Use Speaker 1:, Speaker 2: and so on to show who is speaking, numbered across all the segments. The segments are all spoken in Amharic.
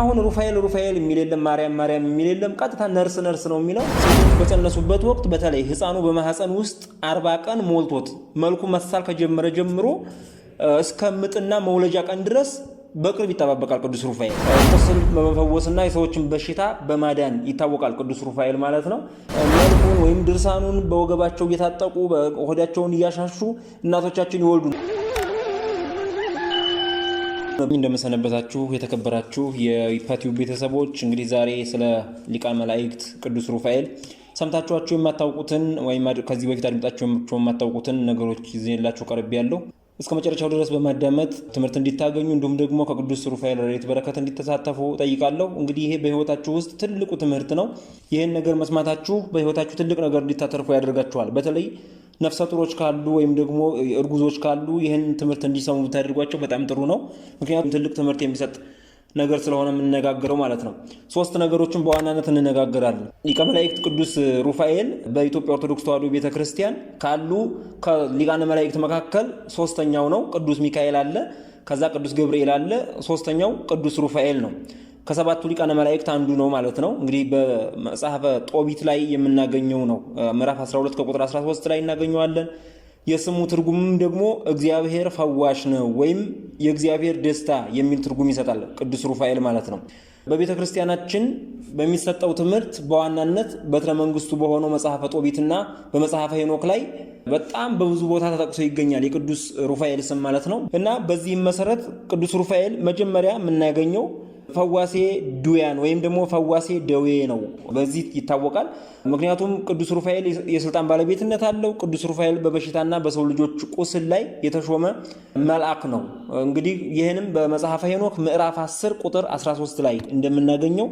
Speaker 1: አሁን ሩፋኤል ሩፋኤል የሚል የለም፣ ማርያም ማርያም የሚል የለም። ቀጥታ ነርስ ነርስ ነው የሚለው። ሴቶች በጸነሱበት ወቅት በተለይ ህፃኑ በማህፀን ውስጥ አርባ ቀን ሞልቶት መልኩ መሳል ከጀመረ ጀምሮ እስከ ምጥና መውለጃ ቀን ድረስ በቅርብ ይጠባበቃል ቅዱስ ሩፋኤል። ቁስል በመፈወስና የሰዎችን በሽታ በማዳን ይታወቃል ቅዱስ ሩፋኤል ማለት ነው። መልኩን ወይም ድርሳኑን በወገባቸው እየታጠቁ ሆዳቸውን እያሻሹ እናቶቻችን ይወልዱ እንደምሰነበታችሁ የተከበራችሁ የኢፓቲው ቤተሰቦች እንግዲህ ዛሬ ስለ ሊቃነ መላእክት ቅዱስ ሩፋኤል ሰምታችኋቸው የማታውቁትን ወይም ከዚህ በፊት አድምጣችሁ የማታውቁትን ነገሮች ይዤላችሁ ቀርብ ያለው እስከ መጨረሻው ድረስ በማዳመጥ ትምህርት እንዲታገኙ እንዲሁም ደግሞ ከቅዱስ ሩፋኤል ረድኤት በረከት እንዲተሳተፉ ጠይቃለሁ። እንግዲህ ይሄ በህይወታችሁ ውስጥ ትልቁ ትምህርት ነው። ይህን ነገር መስማታችሁ በህይወታችሁ ትልቅ ነገር እንዲታተርፉ ያደርጋችኋል። በተለይ ነፍሰ ጡሮች ካሉ ወይም ደግሞ እርጉዞች ካሉ ይህን ትምህርት እንዲሰሙ ብታደርጓቸው በጣም ጥሩ ነው። ምክንያቱም ትልቅ ትምህርት የሚሰጥ ነገር ስለሆነ የምንነጋገረው ማለት ነው። ሶስት ነገሮችን በዋናነት እንነጋገራለን። ሊቀ መላእክት ቅዱስ ሩፋኤል በኢትዮጵያ ኦርቶዶክስ ተዋሕዶ ቤተክርስቲያን ካሉ ከሊቃነ መላእክት መካከል ሶስተኛው ነው። ቅዱስ ሚካኤል አለ፣ ከዛ ቅዱስ ገብርኤል አለ፣ ሶስተኛው ቅዱስ ሩፋኤል ነው። ከሰባቱ ሊቃነ መላእክት አንዱ ነው ማለት ነው። እንግዲህ በመጽሐፈ ጦቢት ላይ የምናገኘው ነው። ምዕራፍ 12 ከቁጥር 13 ላይ እናገኘዋለን። የስሙ ትርጉምም ደግሞ እግዚአብሔር ፈዋሽ ነው ወይም የእግዚአብሔር ደስታ የሚል ትርጉም ይሰጣል ቅዱስ ሩፋኤል ማለት ነው። በቤተ ክርስቲያናችን በሚሰጠው ትምህርት በዋናነት በትረ መንግስቱ በሆነው መጽሐፈ ጦቢትና በመጽሐፈ ሄኖክ ላይ በጣም በብዙ ቦታ ተጠቅሶ ይገኛል የቅዱስ ሩፋኤል ስም ማለት ነው እና በዚህም መሰረት ቅዱስ ሩፋኤል መጀመሪያ የምናገኘው ፈዋሴ ዱያን ወይም ደግሞ ፈዋሴ ደዌ ነው። በዚህ ይታወቃል። ምክንያቱም ቅዱስ ሩፋኤል የስልጣን ባለቤትነት አለው። ቅዱስ ሩፋኤል በበሽታና በሰው ልጆች ቁስል ላይ የተሾመ መልአክ ነው። እንግዲህ ይህንም በመጽሐፈ ሄኖክ ምዕራፍ 10 ቁጥር 13 ላይ እንደምናገኘው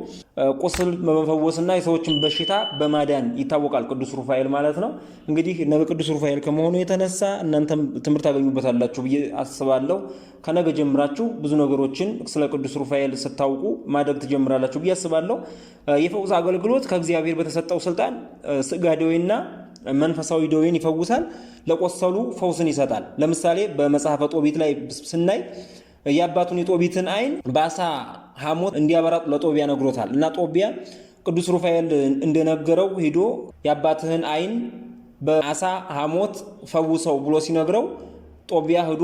Speaker 1: ቁስል በመፈወስና የሰዎችን በሽታ በማዳን ይታወቃል ቅዱስ ሩፋኤል ማለት ነው። እንግዲህ ቅዱስ ሩፋኤል ከመሆኑ የተነሳ እናንተም ትምህርት ታገኙበታላችሁ ብዬ አስባለሁ። ከነገ ጀምራችሁ ብዙ ነገሮችን ስለ ቅዱስ ሩፋኤል ስታ እንድታውቁ ማድረግ ትጀምራላችሁ ብዬ አስባለሁ። የፈውስ አገልግሎት ከእግዚአብሔር በተሰጠው ስልጣን ስጋ ደዌና መንፈሳዊ ደዌን ይፈውሳል፣ ለቆሰሉ ፈውስን ይሰጣል። ለምሳሌ በመጽሐፈ ጦቢት ላይ ስናይ የአባቱን የጦቢትን አይን በአሳ ሐሞት እንዲያበራ ለጦቢያ ነግሮታል እና ጦቢያ ቅዱስ ሩፋኤል እንደነገረው ሂዶ የአባትህን አይን በአሳ ሐሞት ፈውሰው ብሎ ሲነግረው ጦቢያ ህዶ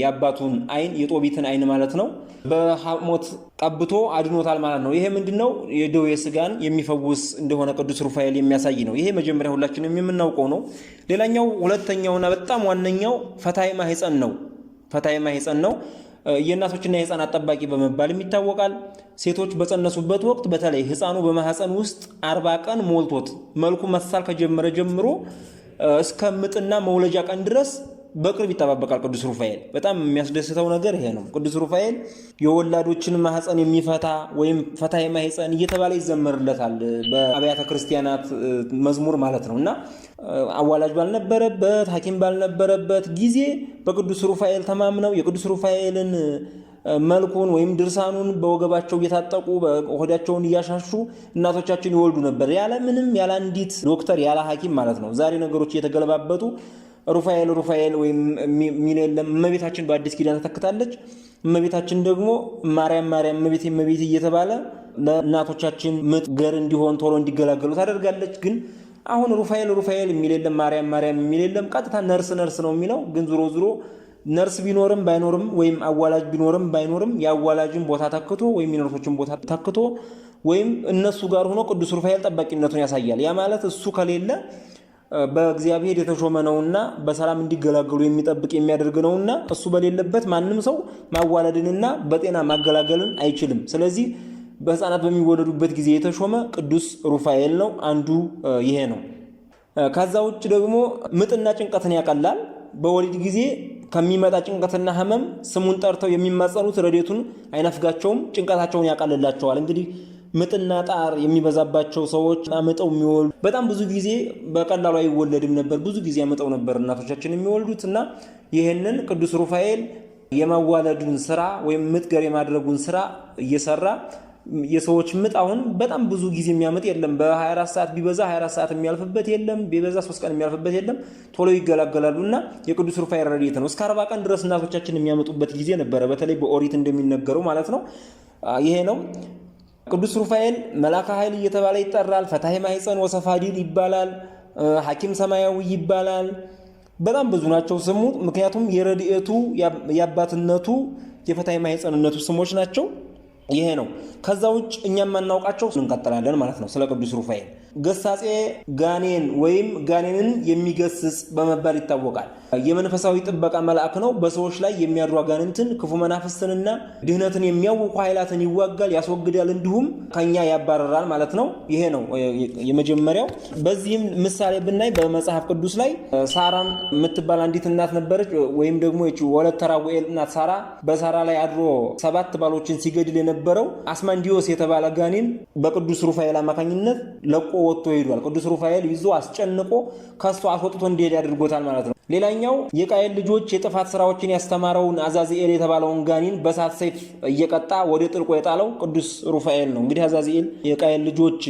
Speaker 1: የአባቱን አይን የጦቢትን አይን ማለት ነው በሐሞት ቀብቶ አድኖታል ማለት ነው። ይሄ ምንድን ነው? የደዌ ስጋን የሚፈውስ እንደሆነ ቅዱስ ሩፋኤል የሚያሳይ ነው። ይሄ መጀመሪያ ሁላችንም የምናውቀው ነው። ሌላኛው ሁለተኛውና በጣም ዋነኛው ፈታይ ማህፀን ነው። ፈታይ ማህፀን ነው የእናቶችና የህፃናት ጠባቂ በመባልም ይታወቃል። ሴቶች በጸነሱበት ወቅት በተለይ ህፃኑ በማህፀን ውስጥ አርባ ቀን ሞልቶት መልኩ መሳል ከጀመረ ጀምሮ እስከ ምጥና መውለጃ ቀን ድረስ በቅርብ ይጠባበቃል። ቅዱስ ሩፋኤል በጣም የሚያስደስተው ነገር ይሄ ነው። ቅዱስ ሩፋኤል የወላዶችን ማህፀን የሚፈታ ወይም ፈታ የማህፀን እየተባለ ይዘመርለታል በአብያተ ክርስቲያናት መዝሙር ማለት ነው እና አዋላጅ ባልነበረበት ሐኪም ባልነበረበት ጊዜ በቅዱስ ሩፋኤል ተማምነው የቅዱስ ሩፋኤልን መልኩን ወይም ድርሳኑን በወገባቸው እየታጠቁ ሆዳቸውን እያሻሹ እናቶቻችን ይወልዱ ነበር፣ ያለ ምንም ያለ አንዲት ዶክተር ያለ ሐኪም ማለት ነው። ዛሬ ነገሮች እየተገለባበጡ ሩፋኤል ሩፋኤል ወይም የሚል የለም። እመቤታችን በአዲስ ኪዳን ተተክታለች። እመቤታችን ደግሞ ማርያም ማርያም እመቤቴ እመቤቴ እየተባለ ለእናቶቻችን ምጥ ገር እንዲሆን ቶሎ እንዲገላገሉ ታደርጋለች። ግን አሁን ሩፋኤል ሩፋኤል የሚል የለም፣ ማርያም ማርያም የሚል የለም። ቀጥታ ነርስ ነርስ ነው የሚለው። ግን ዝሮ ዝሮ ነርስ ቢኖርም ባይኖርም ወይም አዋላጅ ቢኖርም ባይኖርም የአዋላጅን ቦታ ተክቶ ወይም የነርሶችን ቦታ ተክቶ ወይም እነሱ ጋር ሆኖ ቅዱስ ሩፋኤል ጠባቂነቱን ያሳያል። ያ ማለት እሱ ከሌለ በእግዚአብሔር የተሾመ ነውና በሰላም እንዲገላገሉ የሚጠብቅ የሚያደርግ ነውና እሱ በሌለበት ማንም ሰው ማዋለድንና በጤና ማገላገልን አይችልም። ስለዚህ በሕፃናት በሚወለዱበት ጊዜ የተሾመ ቅዱስ ሩፋኤል ነው። አንዱ ይሄ ነው። ከዛ ውጭ ደግሞ ምጥና ጭንቀትን ያቀላል። በወሊድ ጊዜ ከሚመጣ ጭንቀትና ህመም ስሙን ጠርተው የሚማጸኑት ረዴቱን አይነፍጋቸውም፣ ጭንቀታቸውን ያቀልላቸዋል። እንግዲህ ምጥና ጣር የሚበዛባቸው ሰዎች አምጠው የሚወልዱ በጣም ብዙ ጊዜ በቀላሉ አይወለድም ነበር። ብዙ ጊዜ አምጠው ነበር እናቶቻችን የሚወልዱት እና ይህንን ቅዱስ ሩፋኤል የማዋለዱን ስራ ወይም ምጥገር የማድረጉን ስራ እየሰራ የሰዎች ምጥ አሁን በጣም ብዙ ጊዜ የሚያምጥ የለም። በ24 ሰዓት ቢበዛ 24 ሰዓት የሚያልፍበት የለም። ቢበዛ 3 ቀን የሚያልፍበት የለም። ቶሎ ይገላገላሉ እና የቅዱስ ሩፋኤል ረድኤት ነው። እስከ 40 ቀን ድረስ እናቶቻችን የሚያመጡበት ጊዜ ነበረ፣ በተለይ በኦሪት እንደሚነገረው ማለት ነው። ይሄ ነው ቅዱስ ሩፋኤል መላከ ኃይል እየተባለ ይጠራል። ፈታሄ ማይፀን ወሰፋዲል ይባላል። ሐኪም ሰማያዊ ይባላል። በጣም ብዙ ናቸው ስሙ። ምክንያቱም የረድኤቱ የአባትነቱ የፈታሄ ማህፀንነቱ ስሞች ናቸው። ይሄ ነው። ከዛ ውጭ እኛ የማናውቃቸው እንቀጥላለን ማለት ነው ስለ ቅዱስ ሩፋኤል ገሳጼ ጋኔን ወይም ጋኔንን የሚገስጽ በመባል ይታወቃል። የመንፈሳዊ ጥበቃ መልአክ ነው። በሰዎች ላይ የሚያድሩ አጋንንትን፣ ክፉ መናፍስትንና ድህነትን የሚያውቁ ኃይላትን ይዋጋል፣ ያስወግዳል፣ እንዲሁም ከኛ ያባረራል ማለት ነው። ይሄ ነው የመጀመሪያው። በዚህም ምሳሌ ብናይ በመጽሐፍ ቅዱስ ላይ ሳራን የምትባል አንዲት እናት ነበረች፣ ወይም ደግሞ ወለተ ራጉኤል እናት ሳራ። በሳራ ላይ አድሮ ሰባት ባሎችን ሲገድል የነበረው አስማንዲዮስ የተባለ ጋኔን በቅዱስ ሩፋኤል አማካኝነት ለቆ ወጥቶ ሄዷል። ቅዱስ ሩፋኤል ይዞ አስጨንቆ ከሱ አስወጥቶ እንዲሄድ ያደርጎታል ማለት ነው። ሌላኛው የቃየል ልጆች የጥፋት ስራዎችን ያስተማረውን አዛዚኤል የተባለውን ጋኔን በሳት ሰይፍ እየቀጣ ወደ ጥልቆ የጣለው ቅዱስ ሩፋኤል ነው። እንግዲህ አዛዚኤል የቃየል ልጆች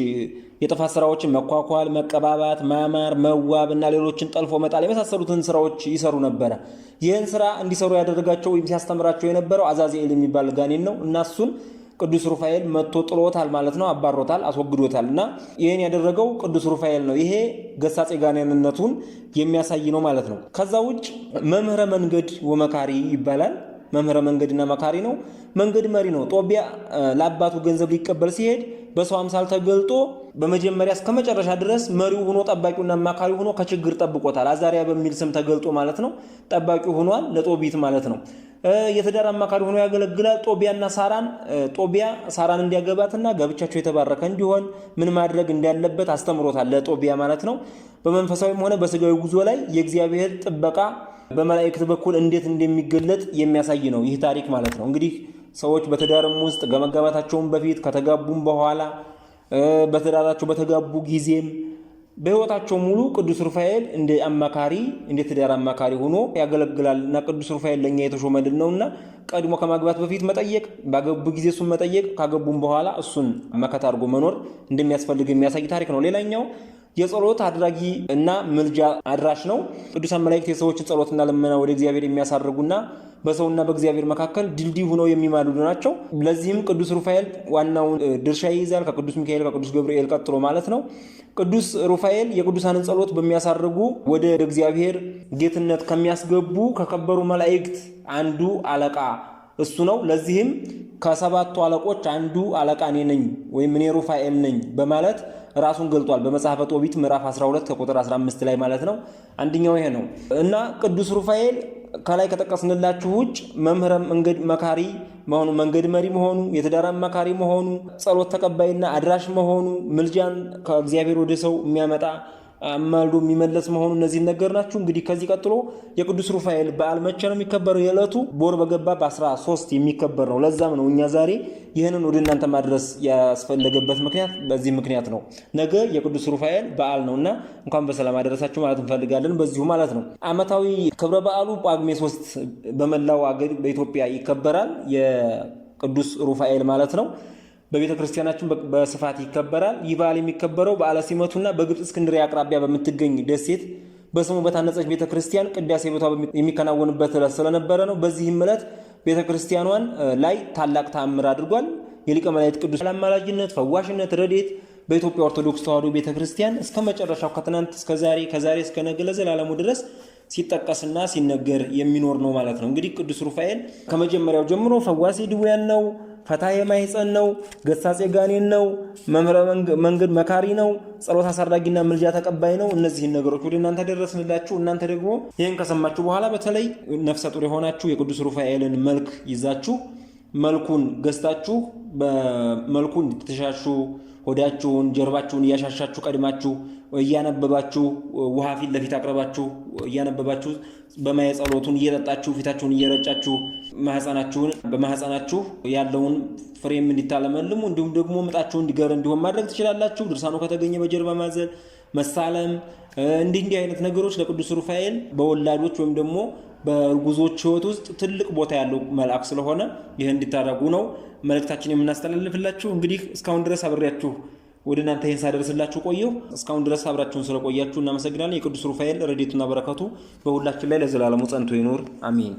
Speaker 1: የጥፋት ስራዎችን መኳኳል፣ መቀባባት፣ ማማር፣ መዋብ እና ሌሎችን ጠልፎ መጣል የመሳሰሉትን ስራዎች ይሰሩ ነበረ። ይህን ስራ እንዲሰሩ ያደረጋቸው ወይም ሲያስተምራቸው የነበረው አዛዚኤል የሚባል ጋኔን ነው እና እሱን ቅዱስ ሩፋኤል መጥቶ ጥሎታል ማለት ነው፣ አባሮታል፣ አስወግዶታል። እና ይህን ያደረገው ቅዱስ ሩፋኤል ነው። ይሄ ገሳጼ ጋንያንነቱን የሚያሳይ ነው ማለት ነው። ከዛ ውጭ መምህረ መንገድ ወመካሪ ይባላል። መምህረ መንገድና መካሪ ነው። መንገድ መሪ ነው። ጦቢያ ለአባቱ ገንዘብ ሊቀበል ሲሄድ በሰው አምሳል ተገልጦ በመጀመሪያ እስከ መጨረሻ ድረስ መሪው ሆኖ ጠባቂውና አማካሪ ሆኖ ከችግር ጠብቆታል። አዛሪያ በሚል ስም ተገልጦ ማለት ነው ጠባቂው ሆኗል ለጦቢት ማለት ነው። የትዳር አማካሪ ሆኖ ያገለግላል። ጦቢያና ሳራን ጦቢያ ሳራን እንዲያገባትና ጋብቻቸው የተባረከ እንዲሆን ምን ማድረግ እንዳለበት አስተምሮታል ለጦቢያ ማለት ነው። በመንፈሳዊም ሆነ በስጋዊ ጉዞ ላይ የእግዚአብሔር ጥበቃ በመላእክት በኩል እንዴት እንደሚገለጥ የሚያሳይ ነው ይህ ታሪክ ማለት ነው። እንግዲህ ሰዎች በትዳርም ውስጥ ከመጋባታቸውም በፊት ከተጋቡም በኋላ በትዳራቸው በተጋቡ ጊዜም በሕይወታቸው ሙሉ ቅዱስ ሩፋኤል እንደ አማካሪ እንደ ትዳር አማካሪ ሆኖ ያገለግላል እና ቅዱስ ሩፋኤል ለእኛ የተሾመልን እና ቀድሞ ከማግባት በፊት መጠየቅ፣ ባገቡ ጊዜ እሱን መጠየቅ፣ ካገቡም በኋላ እሱን መከት አድርጎ መኖር እንደሚያስፈልግ የሚያሳይ ታሪክ ነው። ሌላኛው የጸሎት አድራጊ እና ምልጃ አድራሽ ነው። ቅዱሳን መላእክት የሰዎችን ጸሎትና ልመና ወደ እግዚአብሔር የሚያሳርጉና በሰውና በእግዚአብሔር መካከል ድልድይ ሆነው የሚማልዱ ናቸው። ለዚህም ቅዱስ ሩፋኤል ዋናውን ድርሻ ይይዛል፣ ከቅዱስ ሚካኤል፣ ከቅዱስ ገብርኤል ቀጥሎ ማለት ነው። ቅዱስ ሩፋኤል የቅዱሳንን ጸሎት በሚያሳርጉ ወደ እግዚአብሔር ጌትነት ከሚያስገቡ ከከበሩ መላእክት አንዱ አለቃ እሱ ነው። ለዚህም ከሰባቱ አለቆች አንዱ አለቃ እኔ ነኝ ወይም እኔ ሩፋኤል ነኝ በማለት ራሱን ገልጧል። በመጽሐፈ ጦቢት ምዕራፍ 12 ከቁጥር 15 ላይ ማለት ነው። አንደኛው ይሄ ነው እና ቅዱስ ሩፋኤል ከላይ ከጠቀስንላችሁ ውጭ መምህረ መንገድ መካሪ መሆኑ መንገድ መሪ መሆኑ የትዳር መካሪ መሆኑ ጸሎት ተቀባይና አድራሽ መሆኑ ምልጃን ከእግዚአብሔር ወደ ሰው የሚያመጣ አማልዶ የሚመለስ መሆኑ እነዚህ ነገር ናቸው። እንግዲህ ከዚህ ቀጥሎ የቅዱስ ሩፋኤል በዓል መቼ ነው የሚከበረው? የዕለቱ ቦር በገባ በ13 የሚከበር ነው። ለዛም ነው እኛ ዛሬ ይህንን ወደ እናንተ ማድረስ ያስፈለገበት ምክንያት በዚህ ምክንያት ነው። ነገ የቅዱስ ሩፋኤል በዓል ነው እና እንኳን በሰላም አደረሳችሁ ማለት እንፈልጋለን። በዚሁ ማለት ነው ዓመታዊ ክብረ በዓሉ ጳጉሜ ሶስት በመላው አገር በኢትዮጵያ ይከበራል። የቅዱስ ሩፋኤል ማለት ነው። በቤተ ክርስቲያናችን በስፋት ይከበራል። ይህ በዓል የሚከበረው በዓለ ሲመቱና በግብፅ እስክንድርያ አቅራቢያ በምትገኝ ደሴት በስሙ በታነጸች ቤተ ክርስቲያን ቅዳሴ ቤቷ የሚከናወንበት ዕለት ስለነበረ ነው። በዚህም ዕለት ቤተ ክርስቲያኗን ላይ ታላቅ ተአምር አድርጓል። የሊቀ መላእክት ቅዱስ አማላጅነት፣ ፈዋሽነት፣ ረድኤት በኢትዮጵያ ኦርቶዶክስ ተዋሕዶ ቤተ ክርስቲያን እስከ መጨረሻው ከትናንት እስከ ዛሬ ከዛሬ እስከ ነገ ለዘላለሙ ድረስ ሲጠቀስና ሲነገር የሚኖር ነው ማለት ነው። እንግዲህ ቅዱስ ሩፋኤል ከመጀመሪያው ጀምሮ ፈዋሴ ድውያን ነው። ፈታ የማይጸን ነው፣ ገሳጼ ጋኔን ነው፣ መምረ መንገድ መካሪ ነው፣ ጸሎት አሳርዳጊና ምልጃ ተቀባይ ነው። እነዚህን ነገሮች ወደ እናንተ ደረስንላችሁ። እናንተ ደግሞ ይህን ከሰማችሁ በኋላ በተለይ ነፍሰ ጡር የሆናችሁ የቅዱስ ሩፋኤልን መልክ ይዛችሁ መልኩን ገዝታችሁ በመልኩ እንድትሻሹ ሆዳችሁን ጀርባችሁን እያሻሻችሁ ቀድማችሁ እያነበባችሁ ውሃ ፊት ለፊት አቅርባችሁ እያነበባችሁ በማየ ጸሎቱን እየጠጣችሁ ፊታችሁን እየረጫችሁ ማህፀናችሁን በማህፀናችሁ ያለውን ፍሬም እንዲታለመልሙ እንዲሁም ደግሞ ምጣችሁ እንዲገር እንዲሆን ማድረግ ትችላላችሁ። ድርሳኑ ከተገኘ በጀርባ ማዘል መሳለም፣ እንዲህ እንዲህ አይነት ነገሮች ለቅዱስ ሩፋኤል በወላዶች ወይም ደግሞ በእርጉዞች ህይወት ውስጥ ትልቅ ቦታ ያለው መልአክ ስለሆነ ይህ እንዲታደረጉ ነው መልእክታችን የምናስተላልፍላችሁ። እንግዲህ እስካሁን ድረስ አብሬያችሁ ወደ እናንተ ይህን ሳደርስላችሁ ቆየሁ። እስካሁን ድረስ አብራችሁን ስለቆያችሁ እናመሰግናለን። የቅዱስ ሩፋኤል ረድኤቱና በረከቱ በሁላችን ላይ ለዘላለሙ ጸንቶ ይኖር፣ አሜን።